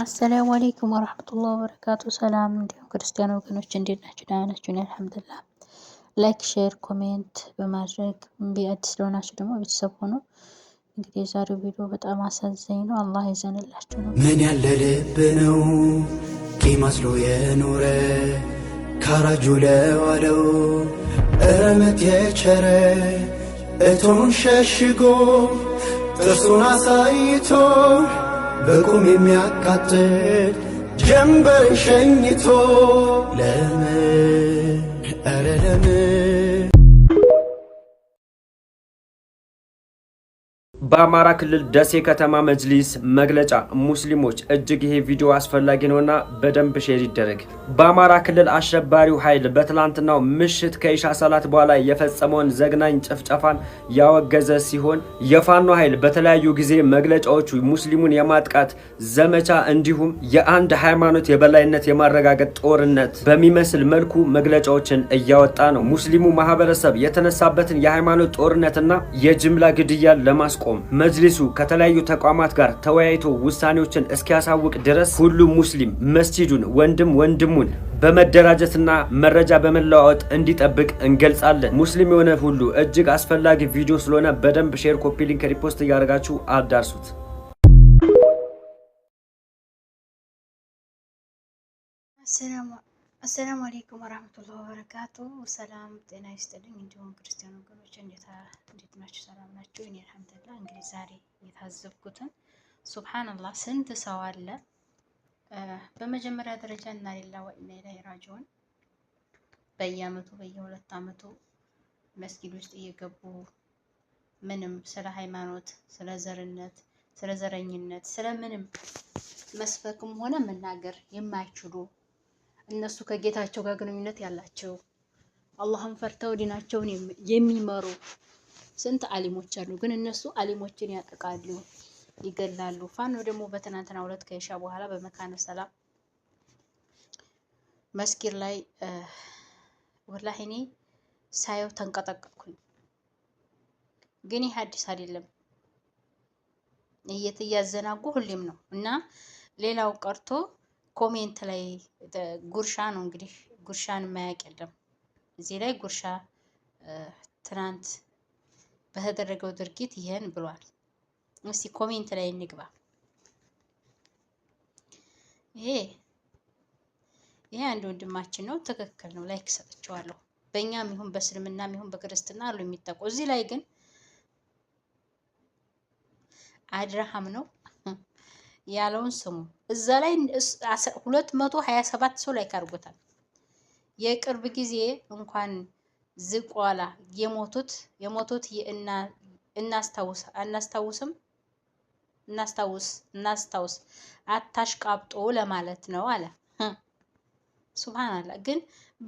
አሰላሙ አሌይኩም ወረህመቱላህ ወበረካቱ። ሰላም እንዲሁም ክርስቲያን ወገኖች እንዴት ናችሁ? ደህና ናችሁ? አልሐምዱሊላህ። ላይክ፣ ሼር፣ ኮሜንት በማድረግ አዲስ ለሆናችሁ ደግሞ ቤተሰብ ሆኖ እንግዲህ የዛሬው ቪዲዮ በጣም አሳዘኝ ነው። አላህ ይዘንላችሁ ነው። ምን ያለ ልብ ነው ቂማስሎ የኖረ ካራጁ ለዋለው እረመት የቸረ እቶን ሸሽጎ ጥርሱን አሳይቶ በቁም የሚያቃጥል ጀንበር ሸኝቶ ለምን ኧረ ለምን በአማራ ክልል ደሴ ከተማ መጅሊስ መግለጫ ሙስሊሞች እጅግ ይሄ ቪዲዮ አስፈላጊ ነውና በደንብ ሼር ይደረግ። በአማራ ክልል አሸባሪው ኃይል በትላንትናው ምሽት ከኢሻ ሰላት በኋላ የፈጸመውን ዘግናኝ ጭፍጨፋን ያወገዘ ሲሆን የፋኖ ኃይል በተለያዩ ጊዜ መግለጫዎቹ ሙስሊሙን የማጥቃት ዘመቻ እንዲሁም የአንድ ሃይማኖት የበላይነት የማረጋገጥ ጦርነት በሚመስል መልኩ መግለጫዎችን እያወጣ ነው። ሙስሊሙ ማህበረሰብ የተነሳበትን የሃይማኖት ጦርነትና የጅምላ ግድያን ለማስቆም መጅሊሱ ከተለያዩ ተቋማት ጋር ተወያይቶ ውሳኔዎችን እስኪያሳውቅ ድረስ ሁሉም ሙስሊም መስጂዱን ወንድም ወንድሙን በመደራጀትና መረጃ በመለዋወጥ እንዲጠብቅ እንገልጻለን። ሙስሊም የሆነ ሁሉ እጅግ አስፈላጊ ቪዲዮ ስለሆነ በደንብ ሼር፣ ኮፒ ሊንክ፣ ሪፖስት እያደረጋችሁ አዳርሱት። ሰላም አሰላሙ አሌይኩም ወራህመቱላሂ ወበረካቱ። ሰላም ጤና ይስጥልኝ። እንዲሁም ክርስቲያን ወገኖች እንዴት ናችሁ? ሰላም ናችሁ? እኔ አልሐምዱሊላህ። እንግዲህ ዛሬ የታዘብኩትን ሱብሃነላህ፣ ስንት ሰው አለ። በመጀመሪያ ደረጃ እና ሌላ ወኢና ኢለይሂ ራጂዑን በየአመቱ በየሁለት አመቱ መስጊድ ውስጥ እየገቡ ምንም ስለ ሃይማኖት፣ ስለ ዘርነት፣ ስለ ዘረኝነት፣ ስለ ምንም መስበክም ሆነ መናገር የማይችሉ እነሱ ከጌታቸው ጋር ግንኙነት ያላቸው አላህን ፈርተው ዲናቸውን የሚመሩ ስንት አሊሞች አሉ። ግን እነሱ አሊሞችን ያጠቃሉ፣ ይገላሉ። ፋኖ ደግሞ በትናንትና ሁለት ከሻ በኋላ በመካነ ሰላም መስጊድ ላይ ወላሂ እኔ ሳየው ተንቀጠቀጥኩኝ። ግን ይህ አዲስ አይደለም፣ እየተያዘናጉ ሁሌም ነው እና ሌላው ቀርቶ ኮሜንት ላይ ጉርሻ ነው እንግዲህ ጉርሻን የማያውቅ የለም። እዚህ ላይ ጉርሻ ትናንት በተደረገው ድርጊት ይህን ብሏል። እስቲ ኮሜንት ላይ እንግባ። ይሄ ይሄ አንድ ወንድማችን ነው፣ ትክክል ነው። ላይክ ሰጥቸዋለሁ። በእኛም ይሁን በእስልምናም ይሁን በክርስትና አሉ የሚጠቁ። እዚህ ላይ ግን አድረሃም ነው ያለውን ስሙ። እዛ ላይ 227 ሰው ላይ ካርጎታል። የቅርብ ጊዜ እንኳን ዝቋላ የሞቱት የሞቱት እናስታውስ እናስታውስ አታሽ ቃብጦ ለማለት ነው አለ። hm ሱብሃንአላህ። ግን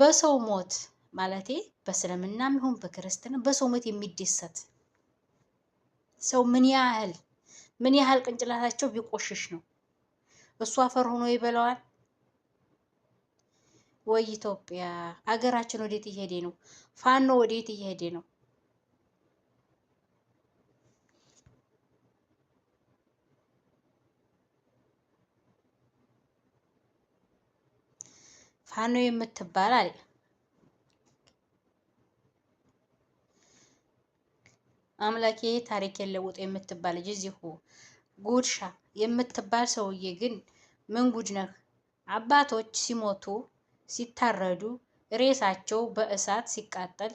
በሰው ሞት ማለቴ በእስልምናም ይሁን በክርስትና በሰው ሞት የሚደሰት ሰው ምን ያህል ምን ያህል ቅንጭላታቸው ቢቆሽሽ ነው። እሱ አፈር ሆኖ ይበላዋል። ወይ ኢትዮጵያ አገራችን ወዴት እየሄደ ነው? ፋኖ ወዴት እየሄደ ነው? ፋኖ የምትባል አለ አምላኬ ታሪክ የለውጥ የምትባል ልጅ እዚሁ ጉድሻ የምትባል ሰውዬ ግን ምን ጉድ ነህ? አባቶች ሲሞቱ ሲታረዱ ሬሳቸው በእሳት ሲቃጠል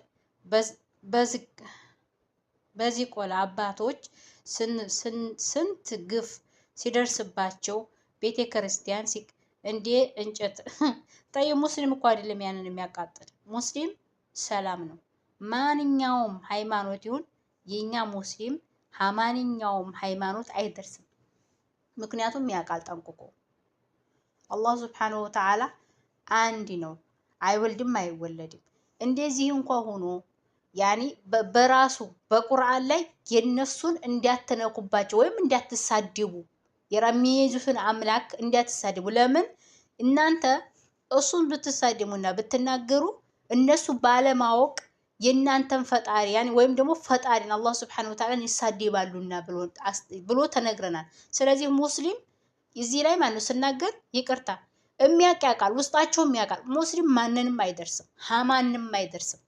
በዚህ ቆላ አባቶች ስንት ግፍ ሲደርስባቸው ቤተ ክርስቲያን እንዴ እንጨት ጠይ ሙስሊም እኮ አይደለም ያንን የሚያቃጥል ሙስሊም ሰላም ነው። ማንኛውም ሃይማኖት ይሁን የእኛ ሙስሊም ከማንኛውም ሃይማኖት አይደርስም። ምክንያቱም ያውቃል ጠንቅቆ አላህ ሱብሓነሁ ወተዓላ አንድ ነው፣ አይወልድም አይወለድም። እንደዚህ እንኳ ሆኖ ያኒ በራሱ በቁርአን ላይ የነሱን እንዳትነኩባቸው ወይም እንዳትሳድቡ የሚይዙትን አምላክ እንዳትሳድቡ። ለምን እናንተ እሱን ብትሳድሙና ብትናገሩ እነሱ ባለማወቅ የእናንተን ፈጣሪ ያን ወይም ደግሞ ፈጣሪን አላህ ስብሐነሁ ወተዓላን ይሳደባሉና ብሎ ተነግረናል። ስለዚህ ሙስሊም እዚህ ላይ ማነው ስናገር ይቅርታ የሚያውቅ ያውቃል፣ ውስጣቸው የሚያውቃል። ሙስሊም ማንንም አይደርስም፣ ሀማንም አይደርስም።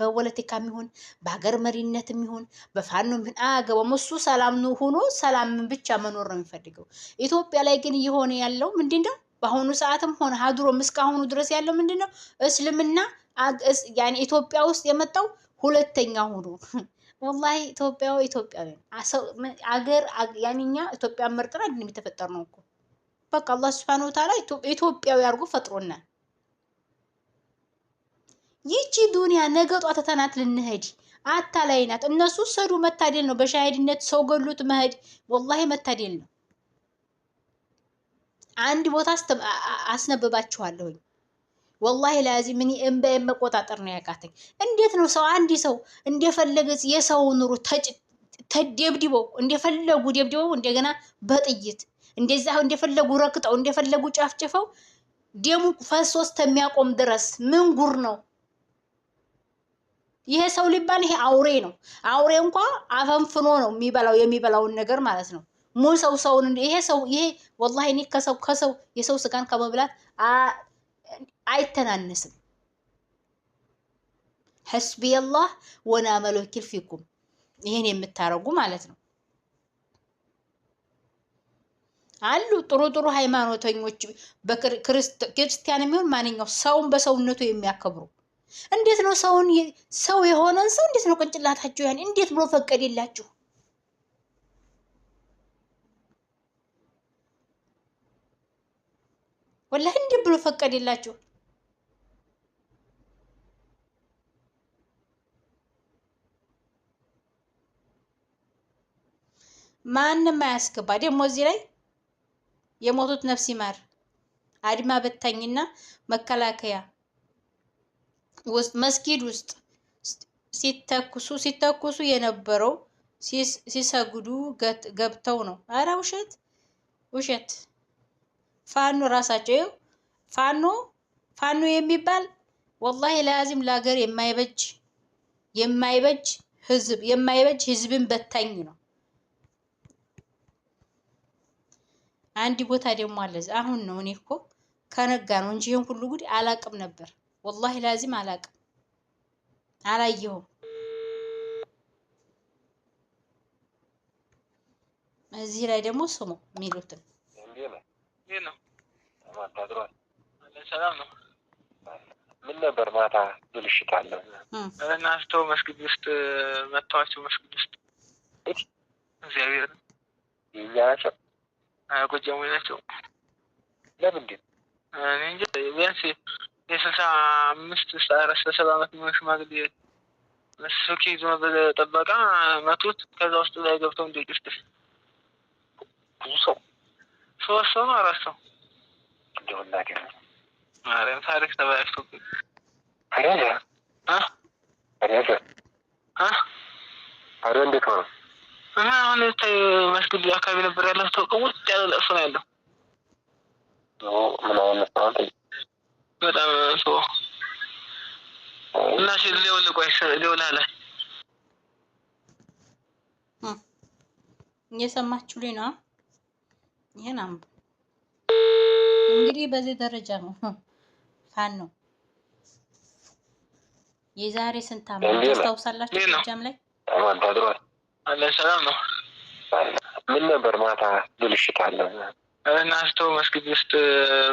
በፖለቲካ የሚሆን በሀገር መሪነት የሚሆን በፋኖ የሚሆን አያገባም። እሱ ሰላም ሆኖ ሰላምን ብቻ መኖር ነው የሚፈልገው። ኢትዮጵያ ላይ ግን እየሆነ ያለው ምንድን ነው? በአሁኑ ሰዓትም ሆነ ሀድሮም እስካሁኑ ድረስ ያለው ምንድን ነው? እስልምና ያኔ ኢትዮጵያ ውስጥ የመጣው ሁለተኛ ሆኖ ወላሂ ኢትዮጵያዊ ኢትዮጵያዊ አገር ያኔ እኛ ኢትዮጵያ መርጠን አይደለም የተፈጠርነው እኮ በቃ አላህ ሱብሓነሁ ወተዓላ ኢትዮጵያዊ አድርጎ ፈጥሮናል። ይቺ ዱንያ ነገ ጧት ተናት ልንሄድ አታላይ ናት። እነሱ ሰዱ መታደል ነው። በሻሂድነት ሰው ገሉት መሄድ ወላሂ መታደል ነው። አንድ ቦታ አስነብባችኋለሁኝ። ወላሂ ለአዚም እኔ እምባዬን መቆጣጠር ነው ያቃተኝ። እንዴት ነው ሰው አንድ ሰው እንደፈለገ የሰው ኑሮ ተደብድበው እንደፈለጉ ደብድበው እንደገና በጥይት እንደዛ እንደፈለጉ ረክጠው እንደፈለጉ ጨፍጭፈው ደሙ ፈሶ እስከሚያቆም ድረስ ምን ጉር ነው ይሄ? ሰው ሊባል ይሄ አውሬ ነው። አውሬ እንኳ አፈንፍኖ ነው የሚበላው የሚበላውን ነገር ማለት ነው። ሙሉ ሰውን ይሄ ሰው ይሄ ወላሂ እኔ ከሰው ከሰው የሰው ስጋን ከመብላት አይተናነስም። ሐስቢየላህ ወነዕመል ወኪል ፊኩም ይሄን የምታረጉ ማለት ነው። አሉ ጥሩ ጥሩ ሃይማኖተኞች በክርስቲያን የሚሆን ማንኛው ሰውን በሰውነቱ የሚያከብሩ እንዴት ነው ሰውን ሰው የሆነን ሰው እንዴት ነው ቅንጭላታችሁ ያን እንዴት ብሎ ፈቀደላችሁ? ወላሂ እንዲህ ብሎ ፈቀደላችሁ። ማንም አያስገባ። ደግሞ እዚህ ላይ የሞቱት ነፍስ ይማር አድማ በታኝና መከላከያ ውስጥ መስጊድ ውስጥ ሲተኩሱ ሲተኩሱ የነበረው ሲሰግዱ ገብተው ነው። አረ ውሸት ውሸት። ፋኖ ራሳቸው ፋኖ ፋኖ የሚባል ወላሂ ላዚም ለሀገር የማይበጅ የማይበጅ ህዝብ የማይበጅ ህዝብን በታኝ ነው። አንድ ቦታ ደግሞ አለ። አሁን ነው እኔ እኮ ከነጋ ነው እንጂ ይሄን ሁሉ ጉድ አላቅም ነበር። ወላሂ ላዚም አላቅም አላየሁም። እዚህ ላይ ደግሞ ስሙ የሚሉትን አዳድሯል። ሰላም ነው። ምን ነበር ማታ ብልሽት አለ እና መስጊድ ውስጥ መጥተዋቸው መስጊድ ውስጥ እግዚአብሔር የእኛ ናቸው ጎጃሙ ናቸው። ለምንድን እኔ እንጂ ቢያንስ የስልሳ አምስት አራት ሰባ አመት የሚሆን ሽማግሌ ስልክ ዝመበለ ጠበቃ መቱት። ከዛ ውስጥ ላይ ገብተው እንደ ብዙ ሰው ሶስት ሰው ነው አራት ሰው ወላሂ ማርያም ታሪክ ተበላሽቶ እንዴት ሆነ? እና አሁን ታይ መስጊድ አካባቢ ነበር ያለው ሰው ውጥ ያለ ለቅሶ ነው ያለው። በጣም ሰው እና ሽ ሊወልቋሽ ሊወላለ እየሰማችሁ ሊና ይህን አንቡ እንግዲህ በዚህ ደረጃ ነው ፋን ነው። የዛሬ ስንት ዓመት ታስታውሳላችሁ? ጎጃም ላይ አለ ሰላም ነው። ምን ነበር ማታ ብልሽት አለ እና አስተው መስጊድ ውስጥ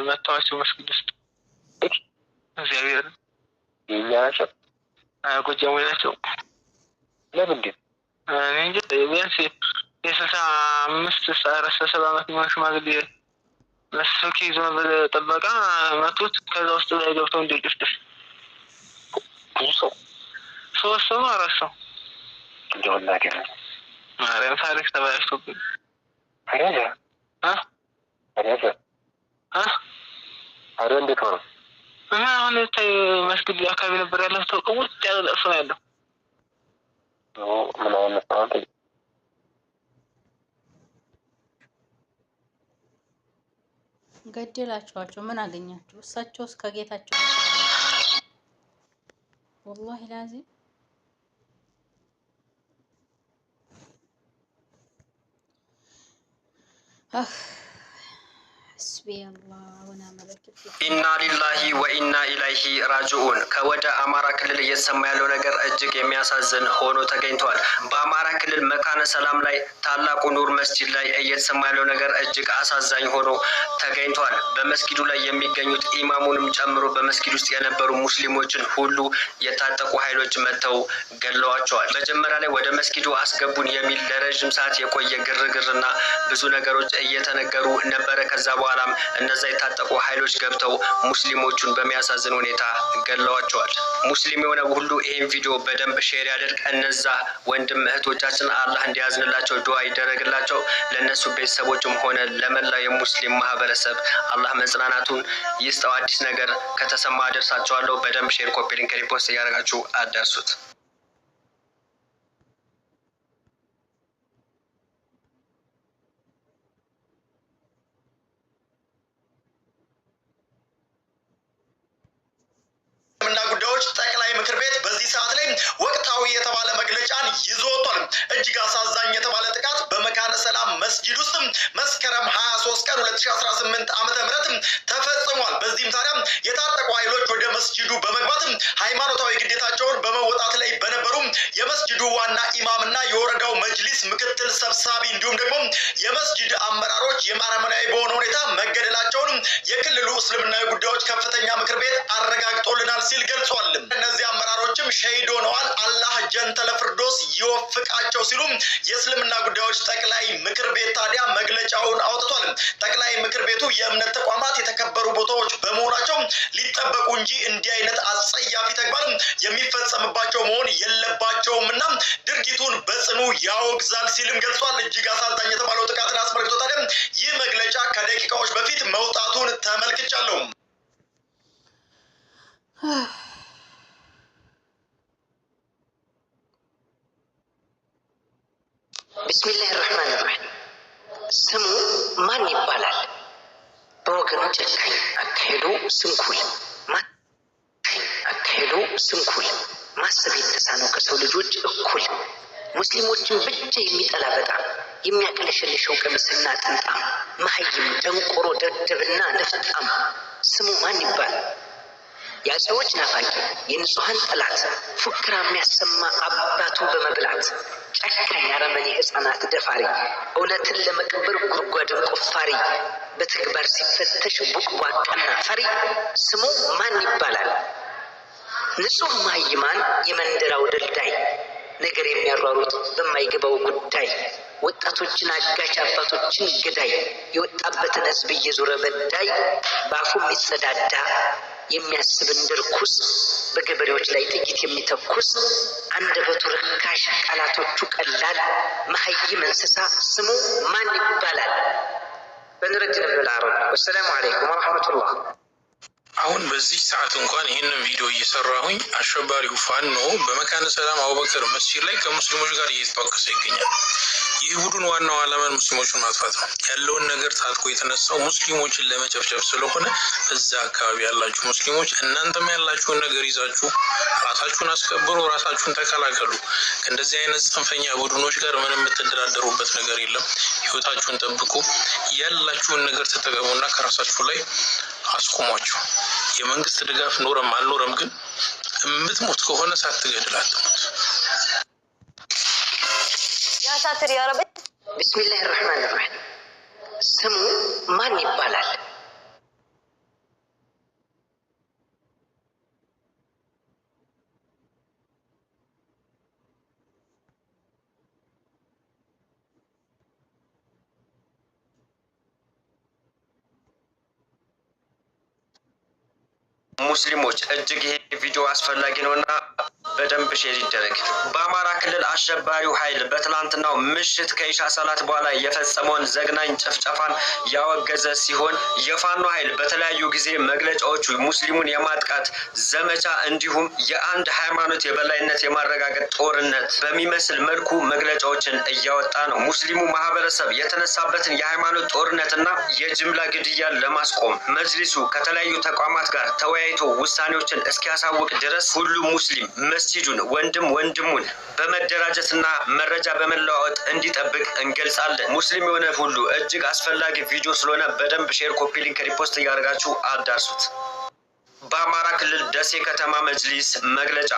መጥተዋቸው መስጊድ ውስጥ እግዚአብሔር የኛ ናቸው ጎጃም ናቸው። ለምንድን እኔ ቢያንስ የስልሳ አምስት አረሰ ሰብ አመት የሚሆን ሽማግሌ እሱ ኬዝ ጠበቃ መጡት። ከዛ ውስጥ ላይ ገብተው እንዲ ጭፍጭፍ ሶስት ሰው አራት ሰው ማርያም ታሪክ ተበላሽቶብኝ እና አሁን ታይ መስጊድ አካባቢ ነበር ያለው ተውቀ ውጥ ያለ ለቅሶ ነው ያለው። ገደላቸዋቸው። ምን አገኛቸው እሳቸው እስከ ጌታቸው ወላሂ ላዚ አህ ኢና ሊላሂ ወኢና ኢላይሂ ራጅኡን። ከወደ አማራ ክልል እየተሰማ ያለው ነገር እጅግ የሚያሳዝን ሆኖ ተገኝቷል። በአማራ ክልል መካነ ሰላም ላይ ታላቁ ኑር መስጂድ ላይ እየተሰማ ያለው ነገር እጅግ አሳዛኝ ሆኖ ተገኝቷል። በመስጊዱ ላይ የሚገኙት ኢማሙንም ጨምሮ በመስጊድ ውስጥ የነበሩ ሙስሊሞችን ሁሉ የታጠቁ ኃይሎች መጥተው ገለዋቸዋል። መጀመሪያ ላይ ወደ መስጊዱ አስገቡን የሚል ለረዥም ሰዓት የቆየ ግርግርና ብዙ ነገሮች እየተነገሩ ነበረ። ከዛ በኋላ እነዛ የታጠቁ ኃይሎች ገብተው ሙስሊሞቹን በሚያሳዝን ሁኔታ ገለዋቸዋል። ሙስሊም የሆነ ሁሉ ይህን ቪዲዮ በደንብ ሼር ያደርግ። እነዛ ወንድም እህቶቻችን አላህ እንዲያዝንላቸው ዱዓ ይደረግላቸው። ለእነሱ ቤተሰቦችም ሆነ ለመላው የሙስሊም ማህበረሰብ አላህ መጽናናቱን ይስጠው። አዲስ ነገር ከተሰማ አደርሳቸዋለሁ። በደንብ ሼር፣ ኮፒ፣ ሊንክ፣ ሪፖስት እያደረጋችሁ አዳርሱት። ሰዓት ላይ ወቅታዊ የተባለ መግለጫን ይዞ ወጥቷል። እጅግ አሳዛኝ የተባለ ጥቃት በመካነ ሰላም መስጂድ ውስጥ መስከረም 23 ቀን 2018 ዓመተ ምህረት ተፈጽሟል። በዚህም ታዲያ የታጠቁ ኃይሎች ወደ መስጂዱ በመግባት ሃይማኖታዊ ግዴታቸውን በመወጣት ላይ በነበሩ የመስጂዱ ዋና ኢማምና የወረዳው መጅሊስ ምክትል ሰብሳቢ እንዲሁም ደግሞ የመስጂድ አመራሮች የማረመናዊ በሆነ ሁኔታ መገደላቸውን የክልሉ እስልምናዊ ጉዳዮች ከፍተኛ ምክር ቤት አረጋግጦልናል ሲል ገልጿል። እነዚህ አመራሮችም ሸሂድ ሆነዋል። አላህ ጀንተለ ፍርዶስ ይወፍቃቸው ሲሉ የእስልምና ጉዳዮች ጠቅላይ ምክር ቤት ታዲያ መግለጫውን አውጥቷል። ጠቅላይ ምክር ቤቱ የእምነት ተቋማት የተከበሩ ቦታዎች በመሆናቸው ሊጠበቁ እንጂ እንዲህ አይነት አጸያፊ ተግባር የሚፈጸምባቸው መሆን የለባቸውም እና ድርጊቱን በጽኑ ያወግዛል ሲልም ገልጿል። እጅግ አሳዛኝ የተባለው ጥቃትን አስመልክቶ ታዲያ ይህ መግለጫ ከደቂቃዎች በፊት መውጣቱን ተመልክቻለሁ። ብስሚላህ ራህማን ራሂም ስሙ ማን ይባላል? በወገኑ ጨካኝ አካሄዱ ስንኩል አካሄዱ ስንኩል ማሰብ የተሳነው ከሰው ልጆች እኩል ሙስሊሞችን ብቻ የሚጠላ በጣም የሚያቅለሸልሸው ቀሚስና ጥንጣም መሀይም ደንቆሮ ደደብና ነፍጣም ስሙ ማን ይባል? የአጼዎች ናፋቂ የንጹሐን ጠላት ፉክራ የሚያሰማ አባቱ በመብላት ጨካኝ አረመኔ ደፋሪ፣ እውነትን ለመቅበር ጉድጓድን ቆፋሪ፣ በተግባር ሲፈተሽ ቡቅቧቃና ፈሪ ስሙ ማን ይባላል? ንጹህ ማይማን የመንደራው ደልዳይ ነገር የሚያሯሩት በማይገባው ጉዳይ ወጣቶችን አጋች አባቶችን ገዳይ የወጣበትን ህዝብ እየዞረ በዳይ በአፉ የሚጸዳዳ የሚያስብን ድርኩስ በገበሬዎች ላይ ጥይት የሚተኩስ አንደበቱ ርካሽ፣ ቃላቶቹ ቀላል መሀይም እንስሳ ስሙ ማን ይባላል? በንረጅነ ብልአረብ ወሰላሙ አለይኩም ወረሕመቱላህ። አሁን በዚህ ሰዓት እንኳን ይህንን ቪዲዮ እየሰራሁኝ አሸባሪው ፋኖ በመካነ ሰላም አቡበክር መስጂድ ላይ ከሙስሊሞች ጋር እየተፋቀሰ ይገኛል። ይህ ቡድን ዋናው ዓላማን ሙስሊሞችን ማጥፋት ነው። ያለውን ነገር ታጥቆ የተነሳው ሙስሊሞችን ለመጨፍጨፍ ስለሆነ እዛ አካባቢ ያላችሁ ሙስሊሞች እናንተም ያላችሁን ነገር ይዛችሁ ራሳችሁን አስከብሩ፣ ራሳችሁን ተከላከሉ። ከእንደዚህ አይነት ጽንፈኛ ቡድኖች ጋር ምንም የምትደራደሩበት ነገር የለም። ህይወታችሁን ጠብቁ፣ ያላችሁን ነገር ተጠቀሙና ከራሳችሁ ላይ አስቁሟቸው። የመንግስት ድጋፍ ኖረም አልኖረም ግን የምትሞት ከሆነ ሳትገድል አትሞት። አሻትር ያረበ ብስሚላህ ራህማን ራሂም ስሙ ማን ይባላል? ሙስሊሞች እጅግ ይሄ ቪዲዮ አስፈላጊ ነውና በደንብ ሼር ይደረግ። በአማራ ክልል አሸባሪው ኃይል በትላንትናው ምሽት ከኢሻ ሰላት በኋላ የፈጸመውን ዘግናኝ ጭፍጨፋን ያወገዘ ሲሆን የፋኖ ኃይል በተለያዩ ጊዜ መግለጫዎቹ ሙስሊሙን የማጥቃት ዘመቻ እንዲሁም የአንድ ሃይማኖት የበላይነት የማረጋገጥ ጦርነት በሚመስል መልኩ መግለጫዎችን እያወጣ ነው። ሙስሊሙ ማህበረሰብ የተነሳበትን የሃይማኖት ጦርነትና የጅምላ ግድያን ለማስቆም መጅሊሱ ከተለያዩ ተቋማት ጋር ተወያይቶ ውሳኔዎችን እስኪያሳውቅ ድረስ ሁሉም ሙስሊም መስጂዱን ወንድም ወንድሙን በመደራጀትና መረጃ በመለዋወጥ እንዲጠብቅ እንገልጻለን። ሙስሊም የሆነ ሁሉ እጅግ አስፈላጊ ቪዲዮ ስለሆነ በደንብ ሼር፣ ኮፒ ሊንክ፣ ሪፖስት እያደረጋችሁ አዳርሱት። በአማራ ክልል ደሴ ከተማ መጅሊስ መግለጫ